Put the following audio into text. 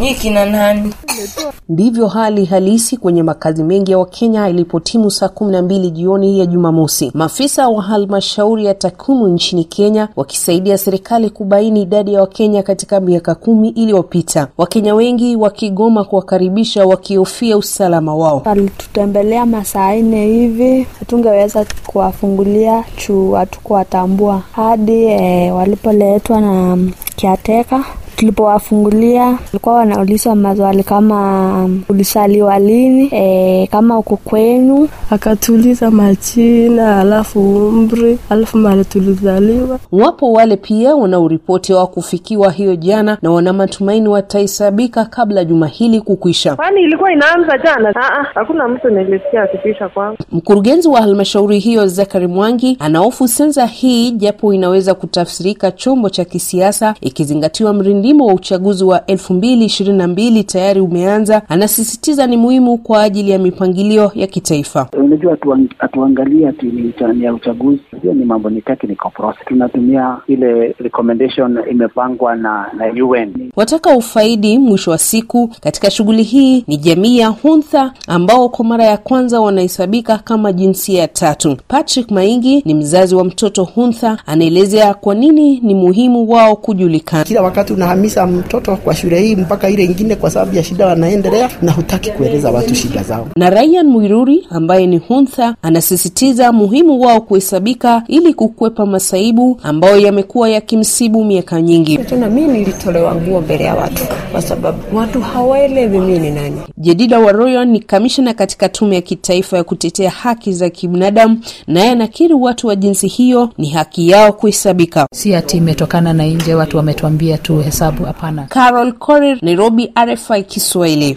ni kina nani? Ndivyo hali halisi kwenye makazi mengi ya Wakenya ilipotimu saa kumi na mbili jioni ya Jumamosi, maafisa wa halmashauri ya takwimu nchini Kenya wakisaidia serikali kubaini idadi ya Wakenya katika miaka kumi iliyopita, Wakenya wengi wakigoma kuwakaribisha wakihofia usalama wao. Walitutembelea masaa nne hivi, hatungeweza kuwafungulia chuu hatukuwatambua hadi e, walipoletwa na kiateka tulipowafungulia walikuwa wanaulizwa maswali kama um, ulisaliwa lini, e, kama uko kwenu. Akatuuliza majina, alafu umri, alafu mali tulizaliwa. Wapo wale pia wanaoripoti kufikiwa hiyo jana, na wana matumaini watahesabika kabla juma hili kukwisha, kwani ilikuwa inaanza jana. Ah, ah, hakuna mtu nilisikia akipisha kwangu. Mkurugenzi wa halmashauri hiyo Zakari Mwangi anaofu sensa hii japo inaweza kutafsirika chombo cha kisiasa ikizingatiwa mrindi umuhimu wa uchaguzi wa 2022 tayari umeanza, anasisitiza ni muhimu kwa ajili ya mipangilio ya kitaifa. Unajua, hatuangalia ati ni ya uchaguzi hiyo ni mambo ni technical process. Tunatumia ile recommendation imepangwa na, na UN. Wataka ufaidi mwisho wa siku katika shughuli hii ni jamii ya Huntha ambao kwa mara ya kwanza wanahesabika kama jinsia ya tatu. Patrick Maingi ni mzazi wa mtoto Huntha, anaelezea kwa nini ni muhimu wao kujulikana. Kila wakati unahamisa mtoto kwa shule hii mpaka ile ingine, kwa sababu ya shida wanaendelea na hutaki kueleza watu shida zao. Na Ryan Mwiruri ambaye ni Huntha anasisitiza muhimu wao kuhesabika haraka ili kukwepa masaibu ambayo yamekuwa yakimsibu miaka nyingi. Tena mimi nilitolewa nguo mbele ya watu kwa sababu watu hawaelewi mimi ni nani. Jedida Waroyo ni kamishna katika tume ya kitaifa ya kutetea haki za kibinadamu, naye anakiri watu wa jinsi hiyo ni haki yao kuhesabika. Si ati imetokana na nje, watu wametuambia tu hesabu. Hapana. Carol Korir, Nairobi, RFI Kiswahili.